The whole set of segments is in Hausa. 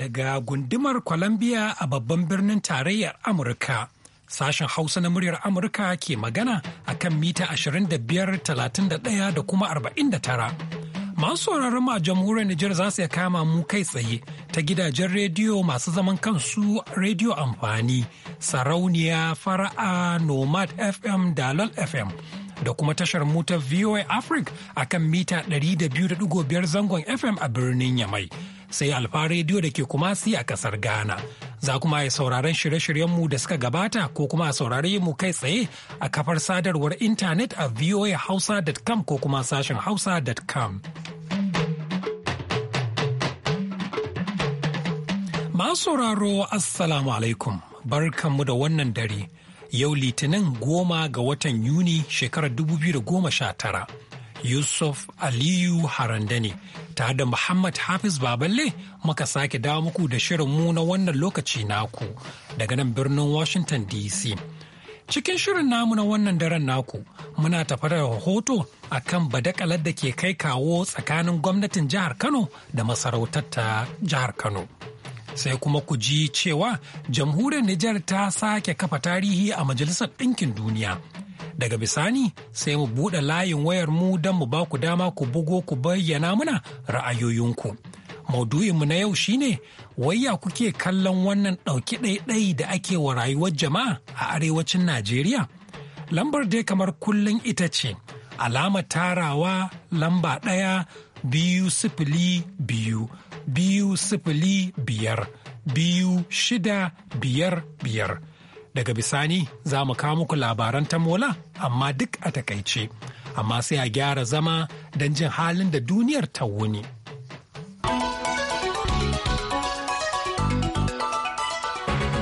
daga gundumar Columbia a babban birnin tarayyar Amurka. Sashen Hausa na muryar Amurka ke magana a kan mita 25,31 da kuma 49. Masu sauraron a jamhuriyar Nijar za su kama mu kai tsaye ta gidajen rediyo masu zaman kansu rediyo amfani, sarauniya, fara'a, nomad FM, dalol FM. da kuma tashar motar VOA Africa a kan mita 200.5 zangon FM a birnin Yamai. sai alfa rediyo da ke kumasi a kasar ghana za kuma ya sauraron shirye-shiryenmu da suka gabata ko kuma a saurare mu kai tsaye a kafar sadarwar intanet a voahausa.com ko kuma sashen hausa.com Ma sauraro assalamu alaikum barkanmu da wannan dare yau litinin goma ga watan yuni shekarar 2019 Yusuf Aliyu Haranda ne, tare da Muhammad Hafiz Baballe muka sake dawo muku da shirinmu na wannan lokaci naku daga nan birnin Washington DC. Cikin shirin namu na wannan daren naku muna tafa da rahoto a kan badakalar da ke kai kawo tsakanin gwamnatin jihar Kano da masarautar ta jihar Kano. sai kuma ku ji cewa jamhuriyar Nijar ta sake kafa tarihi a Majalisar Ɗinkin Duniya Daga bisani sai mu buɗe layin wayar mu don mu ba ku dama ku bugo ku bayyana muna ra'ayoyinku. Maudu'inmu na yau shine ya kuke kallon wannan ɗauki ɗaiɗai da ake wa rayuwar jama'a a arewacin Najeriya. Lambar dai kamar kullum ita ce alamar tarawa lamba ɗaya biyu sifili biyu biyu sifili biyar biyu shida biyar biyar. Daga bisani za mu kawo muku labaran tamola amma duk a takaice. Amma sai a gyara zama don jin halin da duniyar ta wuni.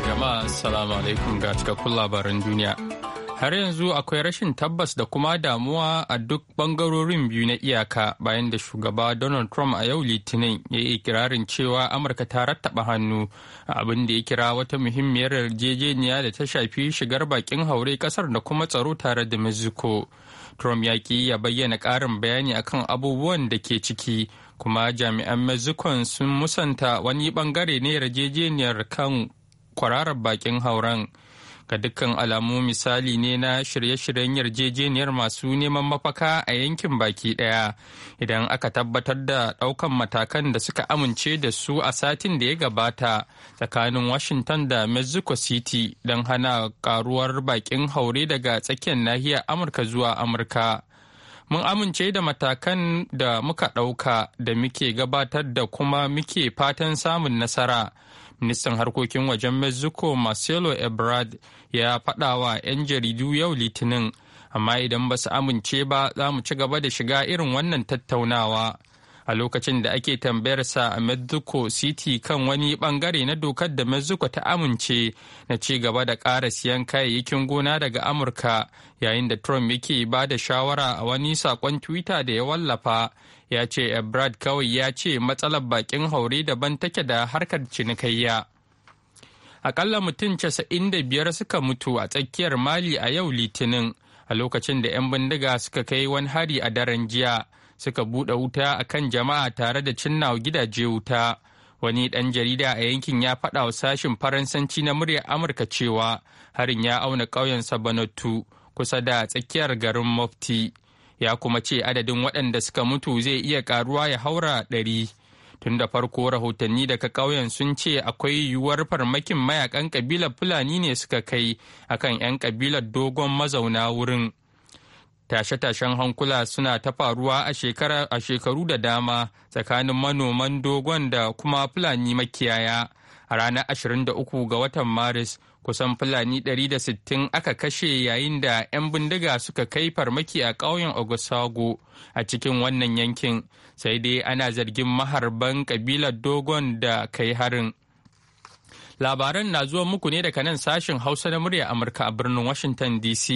Jama'a, Assalamu alaikum ga cikakkun labaran duniya. har yanzu akwai rashin tabbas da kuma damuwa a duk bangarorin biyu na iyaka bayan da shugaba donald trump a yau litinin ya yi ikirarin cewa amurka ta rattaba hannu abin da ya kira wata muhimmiyar yarjejeniya da ta shafi shigar bakin haure kasar da kuma tsaro tare da mexico trump ya ki ya bayyana ƙarin bayani akan abubuwan da ke ciki kuma jami'an mexico sun musanta wani bangare ne yarjejeniyar kan kwararar bakin hauren. ga dukkan alamu misali ne na shirye-shiryen yarjejeniyar masu neman mafaka a yankin baki daya idan aka tabbatar da daukan matakan da suka amince da su a satin da ya gabata tsakanin washington da mexico city don hana karuwar bakin haure daga tsakiyar nahiyar amurka zuwa amurka mun amince da matakan da muka ɗauka da muke gabatar da kuma muke fatan samun nasara ministan harkokin wajen mexico marcelo ebrard ya faɗa 'yan jaridu yau litinin amma idan ba su amince ba za mu ci gaba da shiga irin wannan tattaunawa a lokacin da ake tambayarsa a mexico city kan wani bangare na dokar da mexico ta amince na ci gaba da ƙara siyan kayayyakin gona daga amurka yayin da trump yake ba da shawara a wani saƙon twitter da ya wallafa ya ce ebrard eh, kawai ya ce matsalar bakin haure daban take da harkar cinikayya akalla mutum 95 suka mutu a tsakiyar mali a yau litinin a lokacin da 'yan bindiga suka kai wani hari a daren jiya suka buɗe wuta a kan jama'a tare da cinnawa gidaje wuta wani ɗan jarida a yankin ya faɗa wa sashin faransanci na muryar amurka cewa harin ya auna ƙauyen sabanatu kusa da tsakiyar garin mofti ya kuma ce adadin waɗanda suka mutu zai iya karuwa ya haura ɗari tun da farko rahotanni daga ƙauyen sun ce akwai yiwuwar farmakin mayakan kabilar fulani ne suka kai akan 'yan ƙabilar dogon mazauna wurin tashe-tashen hankula suna ta faruwa a shekaru da dama tsakanin manoman dogon da kuma fulani makiyaya a ranar 23 ga watan maris kusan fulani 160 aka kashe yayin da 'yan bindiga suka kai farmaki a ƙauyen ogosago a cikin wannan yankin sai dai ana zargin maharban kabilar dogon da kai harin labaran na zuwa muku ne daga nan sashen hausa na murya amurka a birnin washington dc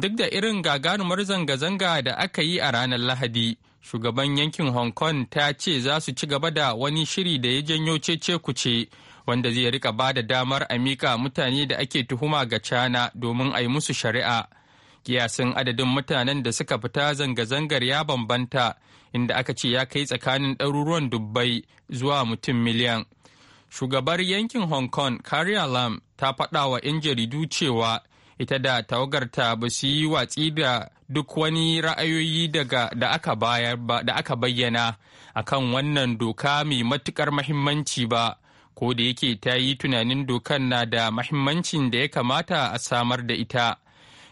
duk da irin gagarumar zanga-zanga da aka yi a ranar lahadi shugaban yankin hong kong ta ce za su ci gaba da wani shiri da ya janyo cece kuce wanda zai rika ba da damar a mika mutane da ake tuhuma ga cana domin a yi musu shari'a kiyasin adadin mutanen da suka fita zanga-zangar ya bambanta inda aka ce ya kai tsakanin ɗaruruwan dubbai zuwa mutum miliyan shugabar yankin hong kong carrie lam ta faɗa wa 'yan jaridu cewa ita da tawagarta ba su yi watsi da duk wani ra'ayoyi daga da aka bayar ba da aka bayyana akan wannan doka mai matukar mahimmanci ba ko da yake ta yi tunanin dokar na da mahimmancin da ya kamata a samar da ita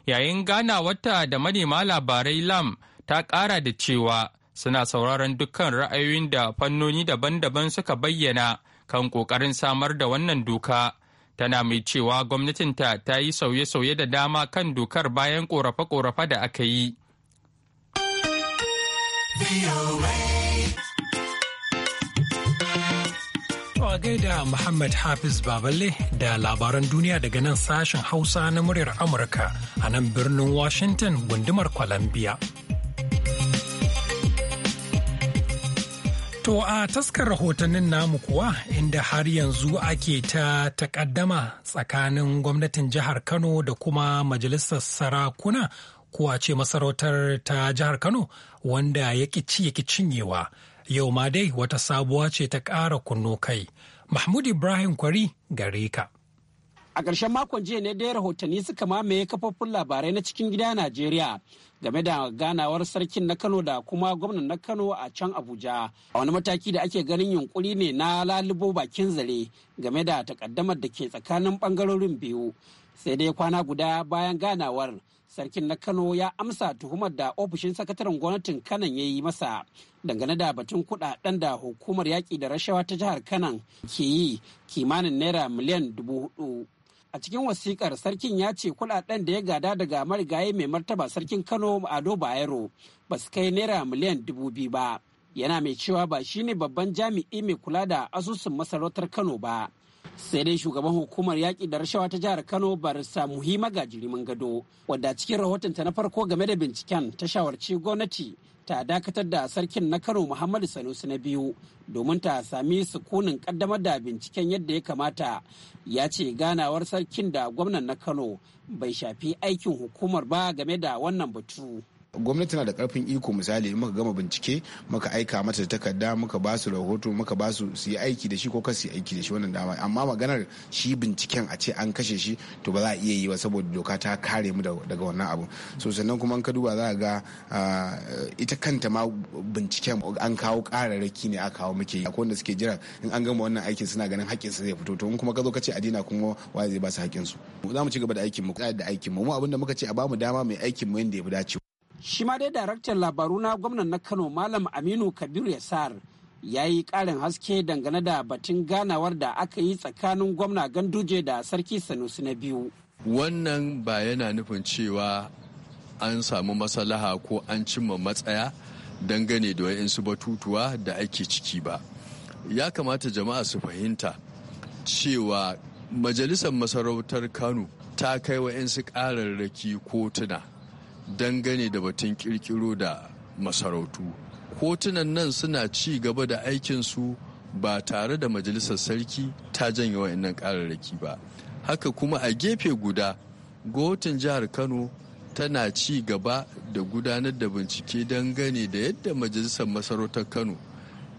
yayin ganawarta da manema labarai lam ta kara da cewa suna sauraron dukkan ra'ayoyin da fannoni daban-daban suka bayyana kan ƙoƙarin samar da wannan doka tana mai cewa gwamnatinta ta yi sauye-sauye da dama kan dokar bayan ƙorafe-ƙorafe da aka yi. a gaida Muhammad Hafiz Baballe da labaran duniya daga nan sashen Hausa na muryar Amurka a nan birnin Washington gundumar Columbia. To a taskar rahotannin namu kuwa inda har yanzu ake ta takaddama tsakanin gwamnatin jihar Kano da kuma majalisar sarakuna ko a ce masarautar ta jihar Kano wanda ya ci ya cinyewa. Yau ma dai wata sabuwa ce ta ƙara kunno kai. Mahmud Ibrahim Kwari gare ka. A ƙarshen makon jiya ne dai rahotanni suka mamaye kafofin labarai na cikin gida Najeriya game da ganawar sarkin na Kano da kuma gwamnan na Kano a can Abuja. A wani mataki da ake ganin yunkuri ne na lalubo bakin zare game da takaddamar da ke tsakanin ɓangarorin biyu. Sai dai kwana guda bayan ganawar sarkin na kano ya amsa tuhumar da ofishin sakataren gwamnatin kanan ya yi masa dangane da batun kudaden da hukumar yaƙi da rashawa ta jihar kanan ke yi kimanin naira miliyan dubu hudu a cikin wasikar sarkin ya ce kudaden da ya gada daga marigayi mai martaba sarkin kano ado bayero ba su kai naira miliyan dubu biyu ba yana mai cewa ba shine babban jami'i mai kula da asusun masarautar kano ba sai dai shugaban hukumar yaƙi da rashawa ta jihar kano barista ga gajirimin gado wadda cikin rahoton ta na farko game da binciken ta shawarci gwamnati ta dakatar da sarkin na kano muhammadu sanusi na biyu domin ta sami sukunin kaddamar da binciken yadda ya kamata ya ce ganawar sarkin da gwamnan na kano bai shafi aikin hukumar ba game da wannan batu gwamnati na da karfin iko misali muka gama bincike muka aika mata da takarda muka ba su rahoto muka ba su su yi aiki da shi ko kasu yi aiki da shi wannan dama amma maganar shi binciken a ce an kashe shi to ba za a iya yi ba saboda doka ta kare mu daga wannan abu so sannan kuma an ka duba za a ga ah, ita kanta ma binciken an kawo kararraki ne aka kawo muke akwai wanda suke jira in an gama wannan aikin suna ganin haƙƙin su zai fito to in kuma ka zo ka ce adina kuma wa zai ba su haƙƙin su za mu ci gaba da aikin mu da aikin mu mu abinda muka ce a bamu dama mai aikin mu yanda ya fi dacewa shi ma dai daraktan labaru na gwamnan na kano malam aminu kabiru yasar ya yi karin haske dangane da batun ganawar da aka yi tsakanin gwamna ganduje da sarki sanusi na biyu wannan ba yana nufin cewa an samu masalaha ko an cimma matsaya dangane da su batutuwa da ake ciki ba ya kamata jama'a su fahimta cewa majalisar masarautar kano ta kai wa'insu ƙararraki kotuna dangane da batun kirkiro da masarautu kotunan nan suna ci gaba da aikinsu ba tare da majalisar sarki ta janye wa'annan kararraki ba haka kuma a gefe guda gotin jihar kano tana ci gaba da gudanar da bincike dangane da yadda majalisar masarautar kano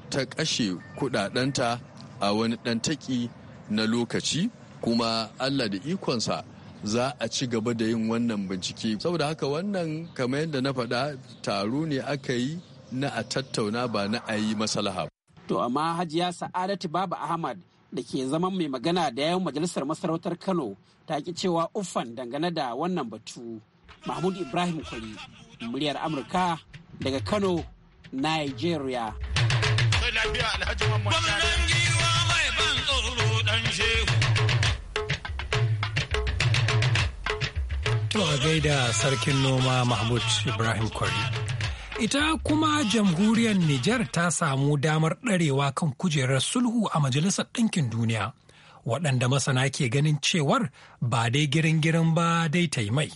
ta kashe kudadanta a wani dantaki na lokaci kuma allah da ikonsa za a ci gaba da yin wannan bincike saboda haka wannan kamar yadda na faɗa taro ne aka yi na a tattauna ba na a yi masalaha. to amma hajiya sa'adatu babu ahmad da ke zaman mai magana da yawan majalisar masarautar kano ta ki cewa uffan dangane da wannan batu mahmud ibrahim kwari muryar amurka daga kano nigeria To a gaida sarkin noma Mahmud Ibrahim Kwari. Ita kuma jamhuriyar Nijar ta samu damar ɗarewa kan kujerar sulhu a Majalisar Ɗinkin Duniya, waɗanda masana ke ganin cewar ba dai girin-girin ba dai ta yi mai.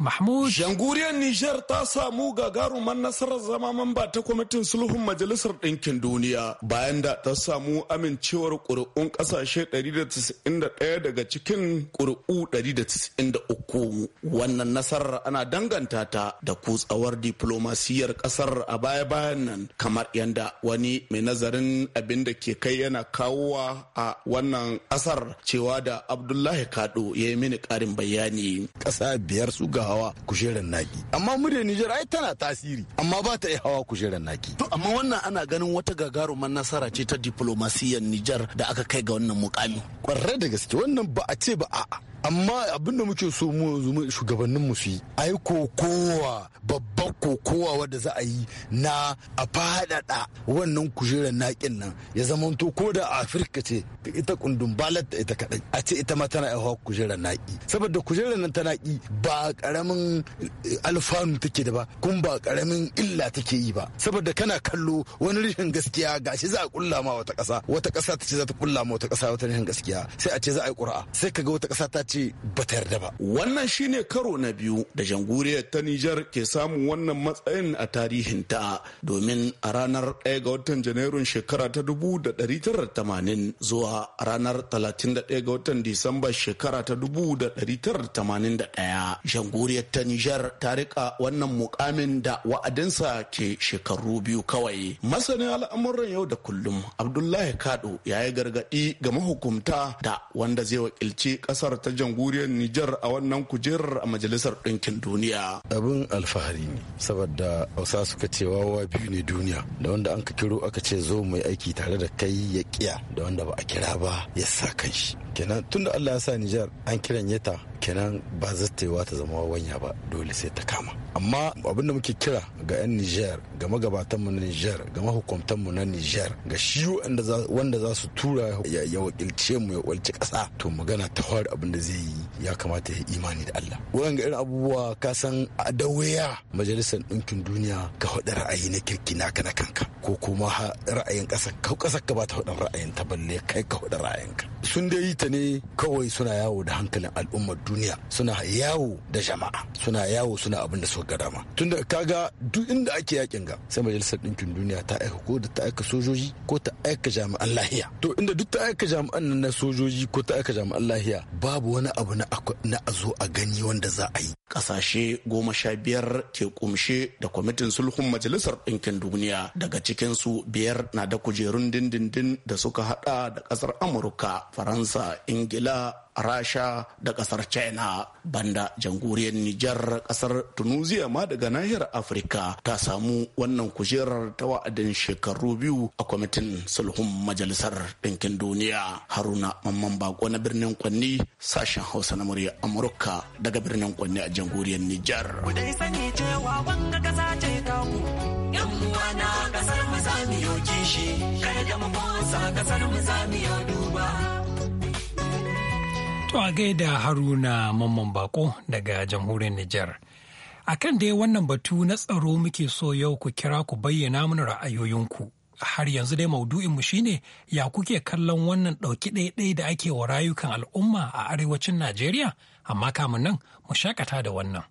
Mahmud. Janguriyar Nijar ta samu gagarumar nasarar zama mamba ta kwamitin sulhun Majalisar Ɗinkin Duniya bayan da ta samu amincewar ƙuri'un ƙasashe 191 daga cikin ƙuri'u 193. Wannan nasarar ana danganta ta da kutsawar diplomasiyar ƙasar a baya-bayan nan kamar yadda wani mai nazarin abin da ke kai yana kawo a wannan ƙasar cewa da Abdullahi Kado ya yi mini ƙarin bayani. Ƙasa biyar su ga hawa kujerar naki amma muryar Nijar ai tana tasiri amma ba ta yi hawa kujerar naki to amma wannan ana ganin wata gagarumar nasara ce ta diplomasiyyar Nijar da aka kai ga wannan mukami kwarre da gaske wannan ba a ce ba a'a amma abin da muke so mu yanzu shugabannin mu fi. yi ai kokowa babban kokowa wadda za a yi na a faɗaɗa wannan kujerar naƙin nan ya zamanto ko da afirka ce ita kundun balar da ita kaɗai a ce ita ma tana hawa kujerar naƙi saboda kujerar nan ta naƙi ba ƙaramin eh, alfanu take da ba kun ba ƙaramin illa take yi ba saboda kana kallo wani rashin gaskiya gashi za a kulla ma wata ƙasa wata ƙasa ta ce za ta kulla ma wata ƙasa wata rashin gaskiya sai a ce za a yi ƙura'a sai kaga wata ƙasa ta ce ba ta yarda ba wannan shine karo na biyu da jamhuriyar ta Nijar ke samun wannan matsayin a tarihinta domin a ranar 1 ga watan Janairun shekara ta 1980 zuwa ranar 31 ga watan Disamba shekara ta 1981 jamhuriyar ta Nijar ta rika wannan mukamin da wa'adinsa ke shekaru biyu kawai masanin al'amuran yau da kullum Abdullahi Kado ya yi gargadi ga mahukumta da wanda zai wakilci kasar ta jamhuriyar Nijar a wannan kujerar a majalisar ɗinkin duniya. Abin alfahari ne saboda Hausa suka ce wawa biyu ne duniya da wanda an ka kiro aka ce zo mai aiki tare da kai ya kiya da wanda ba a kira ba ya sa kan shi. Kenan tunda Allah ya sa Nijar an kiran yata kenan ba zattewa ta zama wanya ba dole sai ta kama amma abin da muke kira ga 'yan niger ga magabatanmu na niger ga mahukuntanmu na niger ga shi wanda za su tura ya wakilce mu ya wakilci ƙasa to magana ta hawar abin da zai yi ya kamata ya imani da allah wurin ga irin abubuwa ka san adawaya majalisar ɗinkin duniya ka haɗa ra'ayi na kirki naka na kanka ko kuma ra'ayin ƙasar ka ƙasar ka ba ta haɗa ra'ayin ta balle kai ka haɗa ra'ayinka sun dai yi ta ne kawai suna yawo da hankalin al'ummar duniya suna yawo da jama'a suna yawo suna abin da suka gada dama tunda kaga duk inda ake yakin ga sai majalisar ɗinkin duniya ta aika ko da ta aika sojoji ko ta aika jami'an lahiya to inda duk ta aika jami'an nan na sojoji ko ta aika jami'an lahiya babu wani abu na a zo a gani wanda za a yi kasashe goma sha biyar ke kumshe da kwamitin sulhun majalisar ɗinkin duniya daga cikinsu biyar na da kujerun dindindin da suka hada da ƙasar amurka faransa ingila rasha da kasar china banda jamhuriyar nijar kasar tunisia ma daga nahiyar afirka ta samu wannan kujerar ta wa'adin shekaru biyu a kwamitin sulhun majalisar ɗinkin duniya haruna mamman bako na birnin kwanni sashen hausa na murya amurka daga birnin kwanni a jamhuriyar nijar Kasar mu za mu yau kishi, kasar mu zamiya duba. To a gaida Haruna Mamman Bako daga jamhuriyar Nijar. A kan dai wannan batu na tsaro muke so yau ku kira ku bayyana mana ra'ayoyinku. Har yanzu dai maudu'inmu shine ya kuke kallon wannan ɗauki ɗaiɗai da ake wa rayukan al'umma a arewacin Najeriya, amma kamun nan mu shakata da wannan.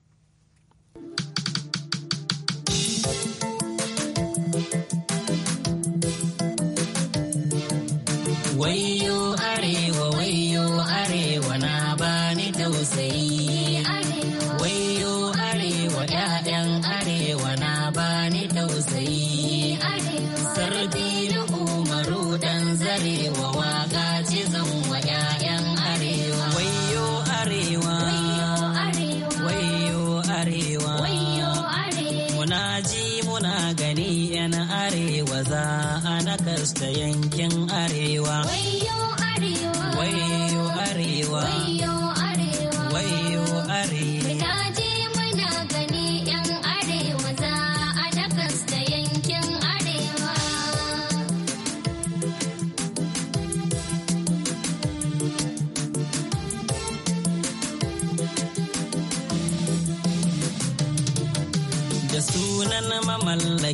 Wai ƙasa ana kasta yankin arewa. Wayo arewa. Wayo arewa.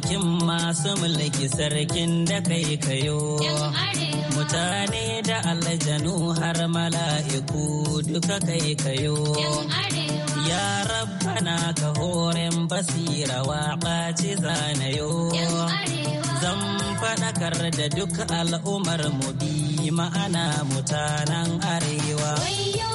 mallakin masu mulki sarkin da kai kayo. Mutane da aljanu har mala'iku duka kai kayo. Ya rabbana ka horen basira wa ɓaci zanayo. Zan faɗakar da duk al'ummar mu bi ma'ana mutanen arewa.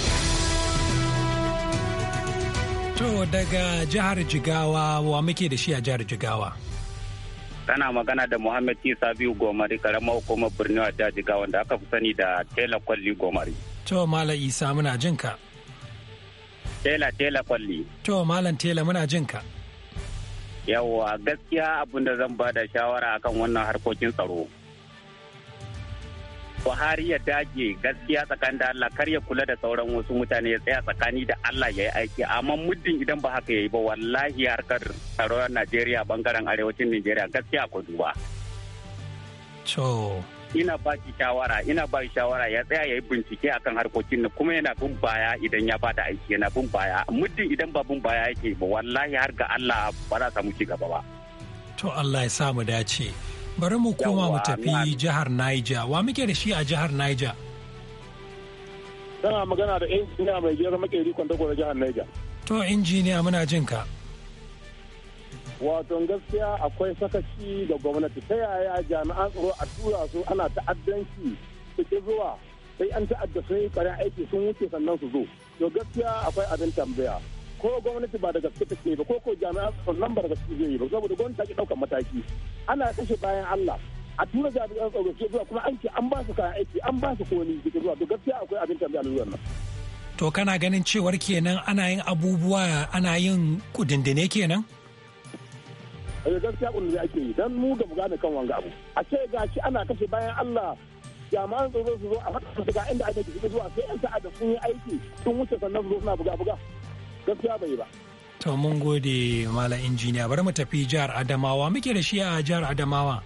To daga jihar Jigawa wa muke da shi a jihar Jigawa? Kana magana da Muhammad Isa biyu Gomari karamar hukumar birnin a jihar Jigawa da aka fi sani da Tela Kwalli Gomari. To Malam Isa muna jin ka. Tela Tela Kwalli. To Malam Tela muna jin ka. Yawwa gaskiya abin da zan ba da shawara akan wannan harkokin tsaro. Buhari ya dage gaskiya tsakanin da Allah kar ya kula da sauran wasu mutane ya tsaya tsakani da Allah ya yi aiki amma muddin idan ba haka ya yi ba wallahi harkar tsaron Najeriya bangaren arewacin Najeriya gaskiya ko duba. To. Ina ba shi shawara ina ba shi shawara ya tsaya ya yi bincike akan harkokin nan kuma yana bin baya idan ya bada aiki yana bin baya muddin idan ba bin baya yake ba wallahi har ga Allah ba za samu ci gaba ba. To Allah ya sa mu dace. bari mu koma mu tafi jihar Niger wa muke da shi a jihar Niger Tana magana da injiniya mai jiyar makeri gobe jihar Niger to injiniya muna jin ka wato gaskiya akwai sakaci da gwamnati ta yaya jami'an tsaro a tura su ana ta'addanci su ke zuwa sai an ta'adda sai yi aiki sun wuce sannan su zo to gaskiya akwai abin tambaya ko gwamnati ba da gaske take ba ko ko jami'an tsaron nan ba da gaske zai yi ba saboda gwamnati ta ki mataki ana kashe bayan Allah a tura jami'an tsaro ke zuwa kuma an ce an ba su kayan aiki an ba su koni ke zuwa to gaskiya akwai abin tambaya na nan. To kana ganin cewar kenan ana yin abubuwa ana yin kudindine kenan? da eh, gaskiya da ake yi dan mu ga mu gane kan wanga abu a ce shi ana kashe bayan Allah jama'an tsoro su zo a haka su ga inda ake zuwa sai yan da sun yi aiki sun wuce sannan su zo suna buga buga gaskiya bai ba to mun gode mala injiniya bari mu tafi jihar adamawa muke da shi a jihar adamawa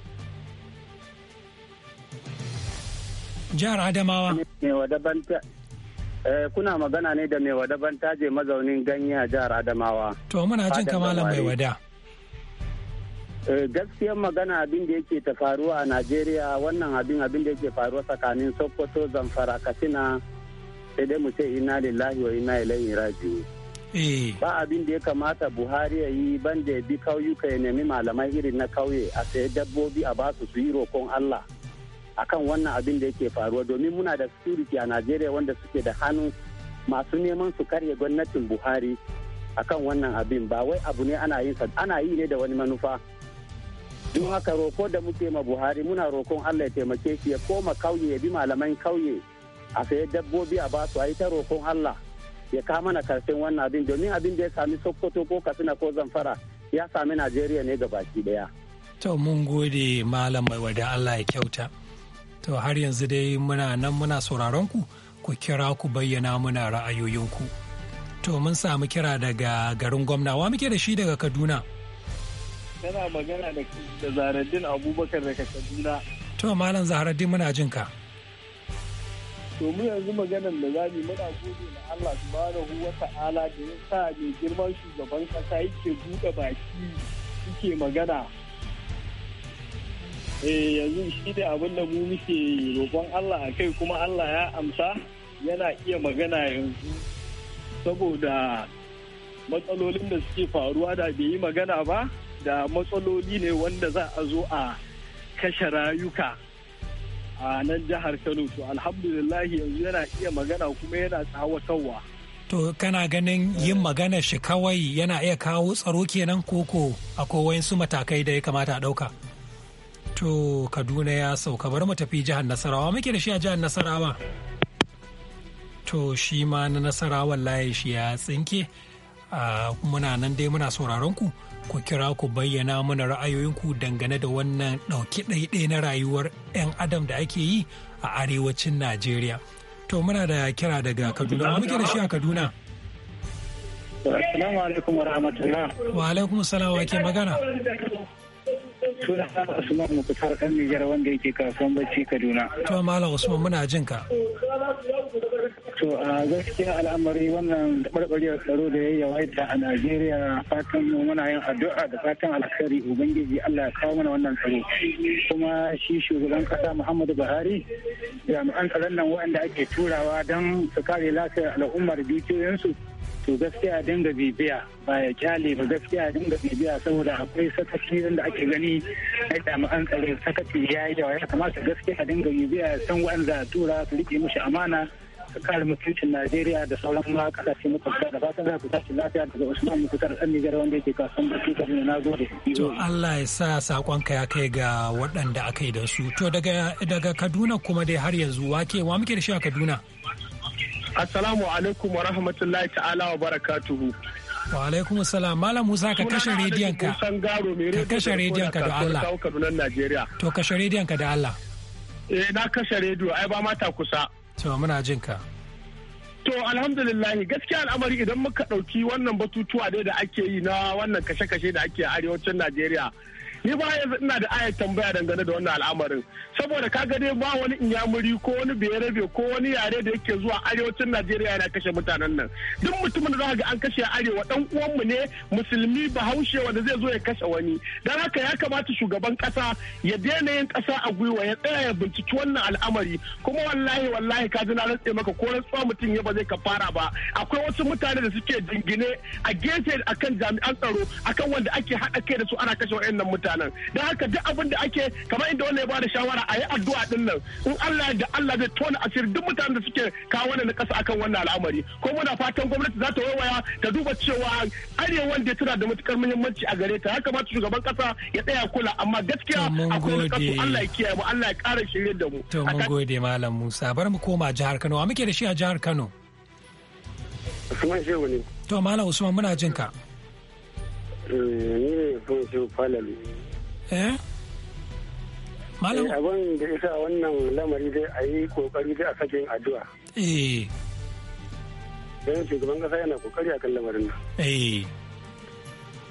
jihar adamawa eh, kuna magana ne da mai wada ban taje mazaunin ganye a jihar adamawa to muna jin kamala mai wada eh, gaskiyar magana abin da yake ta faruwa a najeriya wannan abin abin da yake faruwa tsakanin sokoto zamfara katsina sai dai mu ce inna lillahi wa inna ilaihi raji'un Eh. ba abin da ya kamata buhari ya yi ban da ya bi kauyuka ya nemi malamai irin na kauye a sayi dabbobi a ba su su yi roƙon allah akan wannan abin da yake faruwa domin muna da security a najeriya wanda suke da hannu masu neman su karya gwamnatin buhari akan wannan abin ba wai abu ne ana yin ana yi ne da wani manufa don haka roko da muke ma buhari muna rokon allah ya taimake shi ya koma kauye ya bi malaman kauye a sayi dabbobi a basu a yi ta rokon allah ya kawo mana karfin wannan abin domin abin da ya sami sokoto ko katsina ko zamfara ya sami najeriya ne ga baki daya to mun gode malam mai wada allah ya kyauta to har yanzu dai muna nan muna sauraron ku ku kira ku bayyana muna ra'ayoyinku to mun samu kira daga garin gwamna wa muke da shi daga kaduna kana magana da zaharaddin abubakar daga kaduna to malam zaharaddin muna jin ka to mu yanzu maganan da zamu muna gode na Allah subhanahu wa ta'ala da ya sa mai girman shugaban kasa yake buɗe baki yake magana eh yanzu shi da abin da mu muke roƙon Allah a kai kuma Allah ya amsa yana iya magana yanzu saboda matsalolin da suke faruwa da bai yi magana ba da matsaloli ne wanda za a zo a kashe rayuka a nan jihar Kano to alhamdulillah yanzu yana iya magana kuma yana tsawatarwa. To kana ganin yin magana shi kawai yana iya kawo tsaro kenan koko akwai su matakai da ya kamata a ɗauka. To Kaduna ya sauka bar mu tafi jihar Nasarawa muke da shi a jihar Nasarawa. To shi ma na Nasarawa layi shi ya tsinke muna nan dai muna sauraron ku. ku kira ku bayyana mana ra'ayoyinku dangane da wannan ɗauki ɗaiɗai na rayuwar 'yan adam da ake yi a arewacin Najeriya. To muna da kira daga Kaduna, muke da shi a Kaduna. Assalamu alaikum wa rahmatullah. Wa alaikum salam wa ke magana. Suna Usman Mukhtar kan Nijar wanda yake kasuwan bacci Kaduna. To Malam Usman muna jin ka. To a gaskiya al'amari wannan barbarewar tsaro da ya yawaita a Najeriya fatan muna yin addu'a da fatan alkhari Ubangiji Allah ya kawo mana wannan tsaro. Kuma shi shugaban kasa Muhammadu Buhari jami'an tsaron nan waɗanda ake turawa don su kare lafiyar al'ummar dukiyoyinsu to gaskiya dinga bibiya ba ya kyale ba gaskiya dinga bibiya saboda akwai sakaci da ake gani na jami'an tsaro sakaci ya yi yawa ya kamata gaskiya dinga bibiya san wa'anda tura su rike mushi amana ka kare mutuncin Najeriya da sauran ma kasashe fita da fatan za ku tashi lafiya daga Usman fitar dan Nijar wanda yake da barci ne na gode. To Allah ya sa sakonka ya kai ga waɗanda aka yi da su. To daga daga Kaduna kuma dai har yanzu wake wa muke da shi a Kaduna. Assalamu alaikum wa rahmatullahi ta'ala wa barakatuhu. Wa alaikum salam Malam Musa ka kashe rediyon ka. Ka kashe rediyon ka da Allah. To kashe rediyon ka da Allah. Eh na kashe rediyo ai ba mata kusa. to muna jin ka to alhamdulillah gaskiya al'amari idan muka ɗauki wannan batutuwa dai da ake yi na wannan kashe-kashe da ake a arewacin najeriya ni ba yanzu ina da ayar tambaya dangane da wannan al'amarin saboda ka ga dai ba wani inyamuri ko wani bayarabe ko wani yare da yake zuwa arewacin najeriya yana kashe mutanen nan duk mutumin da za ga an kashe arewa dan uwanmu ne musulmi bahaushe wanda zai zo ya kashe wani dan haka ya kamata shugaban kasa ya daina yin kasa a gwiwa ya tsaya ya binciki wannan al'amari kuma wallahi wallahi ka ji na rantse maka ko rantsuwa mutum ya ba zai ka fara ba akwai wasu mutane da suke dingine a gefe akan jami'an tsaro akan wanda ake haɗa kai da su ana kashe wa'annan mutane nan da haka duk abin da ake kamar inda wannan ya bada shawara a yi addu'a din nan in Allah da Allah zai tona asiri duk mutanen da suke kawo wannan kasa akan wannan al'amari ko muna fatan gwamnati za ta waiwaya ta duba cewa arewan da tana da matukar muhimmanci a gare ta haka ma shugaban kasa ya tsaya kula amma gaskiya akwai wani kasu Allah ya kiyaye mu Allah ya kara shirye da mu to mun gode malam Musa bari mu koma jihar Kano a muke da shi a jihar Kano Usman Shehu ne to malam Usman muna jinka ka Eh, ne Fonso Falalu. Eh? Malam? Eh, abin da isa wannan lamari zai a yi kokari dai a sake yin addu'a. Eh. Don shugaban kasa yana kokari akan lamarin nan. Eh.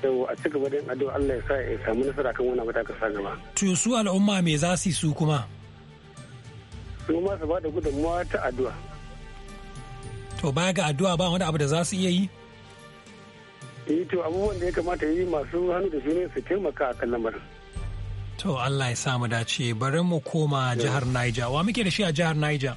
Yau a ci gaba da addu'a Allah ya sa ya samu nasara kan wannan mata kasa gaba. To su al'umma me za su su kuma? Su ma su ba da gudunmawa ta addu'a. To baya ga addu'a ba wani abu da za su iya yi? eh to abubuwan da ya kamata yi masu hannu da shine su taimaka akan lamarin to Allah ya samu dace bari mu koma jihar Niger wa muke da shi a jihar Niger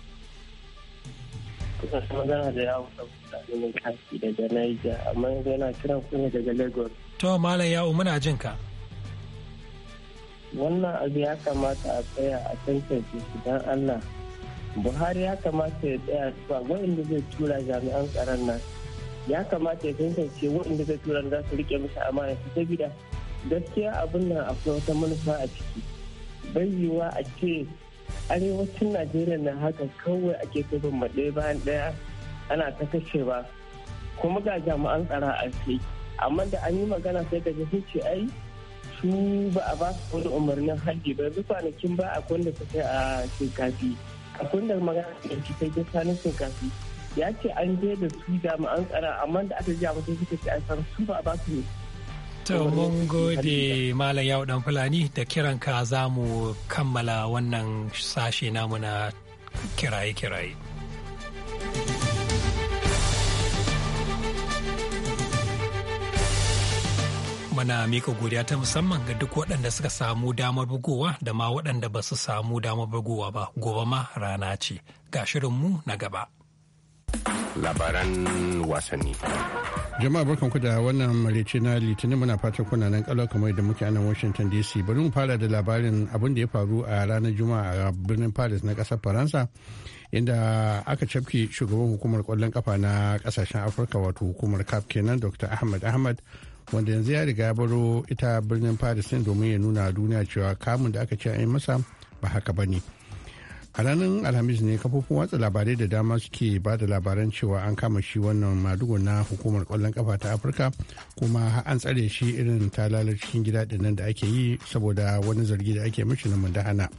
kusa sama gana da yawon sabbin kashi daga Niger amma yanzu yana kiran ku daga Lagos to malam yawo muna jin ka wannan abu ya kamata a tsaya a tantance su don Allah Buhari ya kamata ya tsaya su ba wanda zai tura jami'an tsaron nan ya kamata ya kasance waɗanda zai tura za su rike musu amana su gida gaskiya abin nan akwai wata manufa a ciki bai yiwuwa a ce arewacin najeriya na haka kawai ake tafin maɗe bayan ɗaya ana ta kashe ba kuma ga jami'an tsara a ce amma da an yi magana sai ka sun ce ai su ba a ba su wani umarnin hajji ba duk kwanakin ba a kwanda ta kai a shinkafi a kwanda magana da ta kai ta sanin shinkafi ya ce an je da su jami'an tsara amma da aka ja mutum suka ce an san su ba ba su ne. To mun gode Malam Yawo Dan Fulani da kiran ka za mu kammala wannan sashe namu na kiraye-kiraye. Muna mika godiya ta musamman ga duk waɗanda suka samu damar bugowa da ma waɗanda ba su samu damar bugowa ba gobe ma rana ce ga shirinmu na gaba. labaran wasanni. jama'a ku da wannan marece na litinin muna fatan kuna nan kalau kamar da muke anan washington dc bari mu fara da labarin abin da ya faru a ranar juma'a a birnin paris na kasar faransa inda aka cafke shugaban hukumar kwallon kafa na kasashen afirka wato hukumar cap kenan dr ahmad ahmad wanda yanzu ya riga baro ita birnin paris din domin ya nuna duniya cewa kamun da aka ce an yi masa ba haka ba ne. a ranar alhamis ne kafofin watsa labarai da dama suke ba da labaran cewa an kama shi wannan madugo na hukumar kwallon kafa ta afirka kuma an tsare shi irin talalar cikin gida dinnan da ake yi saboda wani zargi da ake mishi na mundahana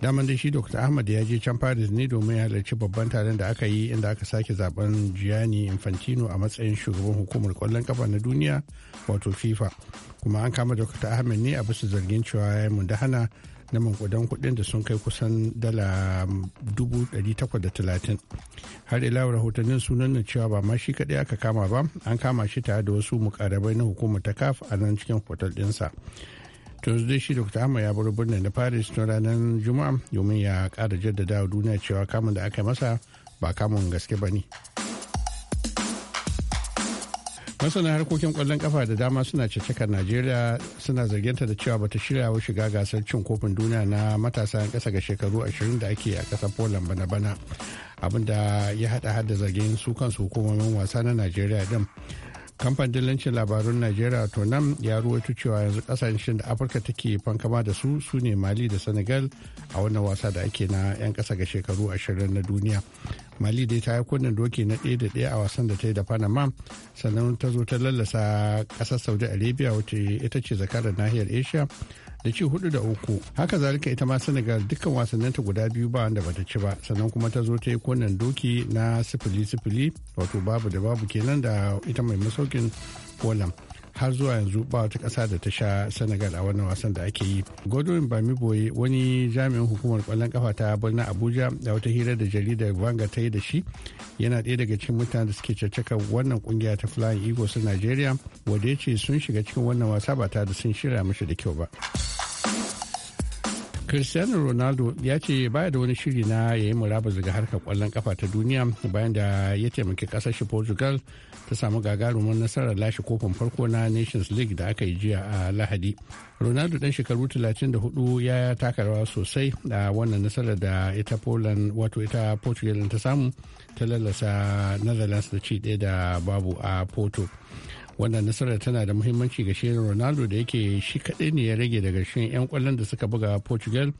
daman da shi dr ahmad ya je can paris ne domin ya halarci babban taron da aka yi inda aka sake zaben gianni infantino a matsayin shugaban hukumar kwallon kafa na duniya wato fifa kuma an kama dr ahmad ne a bisa zargin cewa ya yi mundahana na mankudan kuɗin da sun kai kusan dala 830 har ila rahotannin sunan na cewa ba ma shi kaɗai aka kama ba an kama shi tare da wasu mukarabai na hukumar ta kaf a nan cikin hotel sa tunzu dai shi dr ahmad ya bar birnin na paris tun ranar juma'a domin ya kara jaddada duniya cewa kamun da aka masa ba kamun gaske ba ne. masana harkokin kwallon kafa da dama suna cikakkar najeriya suna zarginta da cewa bata shirya wa shiga gasar cin kofin duniya na matasa kasa ga shekaru 20 da ake a kasar poland bana bana abinda ya hada hada zargin su kansu hukumomin wasa na najeriya din kamfan dillancin labarun najeriya to nan ya ruwaito cewa yanzu kasashen da afirka take fankama da su su ne mali da senegal a wannan wasa da ake na 'yan kasa ga shekaru ashirin na duniya mali dai ta yi kunnen doki na ɗaya da ɗaya a wasan da ta yi da panama sannan ta zo ta lallasa ƙasar saudi arabia wacce ita ce zakarar nahiyar asia da ci hudu da uku haka zalika ita ma senegal dukkan wasannin ta guda biyu ba wanda bata ci ba sannan kuma ta zo ta yi konan doki na sifili sifili wato babu da babu kenan da ita mai masaukin poland har zuwa yanzu ba wata kasa da ta sha senegal a wannan wasan da ake yi godwin bamiboye wani jami'in hukumar kwallon kafa ta birnin abuja da wata hira da jaridar vanga ta yi da shi yana ɗaya daga cikin mutane da suke caccaka wannan kungiya ta flying eagles nigeria wadda ya ce sun shiga cikin wannan wasa ba ta da sun shirya mashi da kyau ba. cristiano ronaldo ya ce baya da wani shiri na ya yi murabus daga harkar kwallon kafa ta duniya bayan da ya taimaki kasar shi portugal ta samu gagarumin nasarar lashe kofin farko na nations league da aka yi jiya a lahadi ronaldo dan shekaru 34 ya taka rawa sosai da wannan nasarar da ita poland wato ita portugal ta samu ta lalasa netherlands da ci ɗaya da babu a porto wannan nasarar tana da muhimmanci ga shirin ronaldo da yake shi kaɗai ne ya rage daga shirin 'yan kwallon da suka buga portugal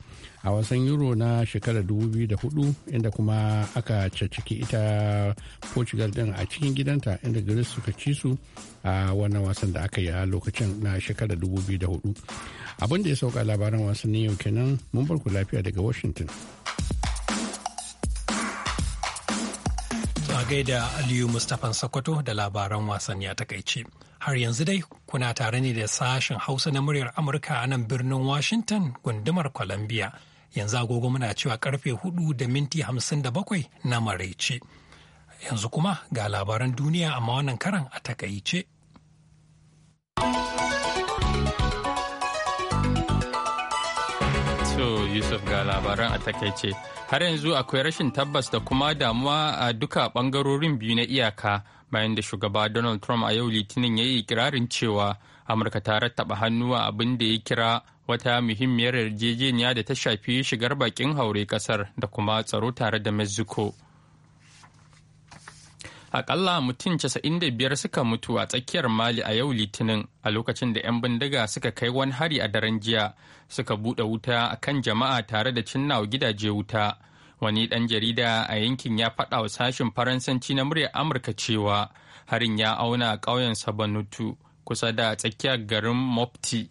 a wasan euro na shekarar 2004 inda kuma aka cacciki ita portugal din a cikin gidanta inda greece suka ci su a wannan wasan da aka yi a lokacin na shekarar 2004 abin da ya sauka labaran ne yau kenan mun barku lafiya daga washington da Aliyu Mustapha Sokoto da labaran wasanni a takaice. Har yanzu dai kuna tare ne da sashen Hausa na muryar Amurka a nan birnin Washington gundumar Columbia. Yanzu agogo muna cewa karfe hudu da minti hamsin da bakwai na maraice. Yanzu kuma ga labaran duniya amma wannan karan a takaice. Yusuf ga labaran a takaice. Har yanzu akwai rashin tabbas da kuma damuwa a duka bangarorin biyu na iyaka bayan da shugaba Donald Trump a yau litinin ya yi ikirarin cewa Amurka ta rattaba hannu a abin da ya kira wata muhimmiyar yarjejeniya da ta shafi shigar bakin haure kasar da kuma tsaro tare da Mexico. Akalla mutum 95 suka mutu a tsakiyar Mali a yau Litinin a lokacin da 'yan bindiga suka kai wani hari a daren jiya suka buɗe wuta a kan jama'a tare da cinnawa gidaje wuta. Wani ɗan jarida a yankin ya faɗa wa sashen Faransanci na muryar Amurka cewa harin ya auna ƙauyen Sabanutu kusa da tsakiyar garin Mopti.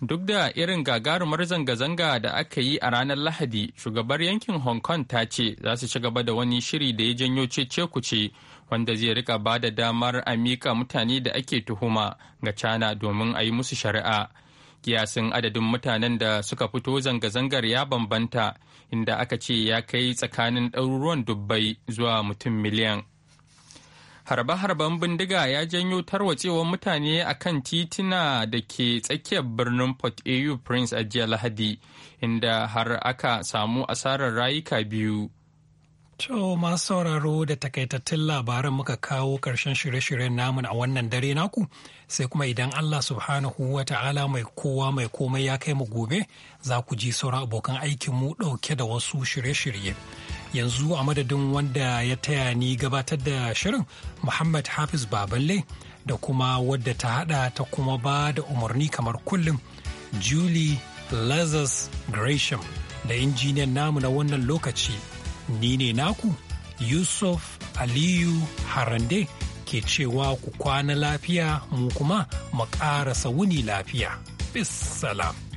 Duk da irin gagarumar zanga-zanga da aka yi a ranar Lahadi, shugabar yankin Hong Kong ta ce za su ci gaba da wani shiri da ya janyo cece-kuce wanda zai rika ba da damar a miƙa mutane da ake tuhuma ga China domin a yi musu shari'a. Kiyasin adadin mutanen da suka fito zanga-zangar ya bambanta, inda aka ce ya kai tsakanin ɗaruruwan dubbai zuwa mutum miliyan. harbe-harben bindiga ya janyo tarwacewar mutane a kan titina da ke tsakiyar birnin port au prince a jiya lahadi inda har aka samu asarar rayuka biyu To masu sauraro da takaitattun labaran muka kawo ƙarshen shirye-shiryen namun a wannan dare naku sai kuma idan Allah subhanahu wa ta'ala mai kowa mai komai ya kai mu gobe za ku ji sauran abokan aikinmu ɗauke da wasu shirye-shirye. yanzu a madadin wanda ya taya ni gabatar da shirin muhammad hafiz baballe da kuma wadda ta hada ta kuma ba da umarni kamar kullum julie lazarus gresham da injiniyan namu na wannan lokaci ni ne naku yusuf aliyu harande ke cewa ku kwana lafiya mu kuma mu ƙara wuni lafiya bis salam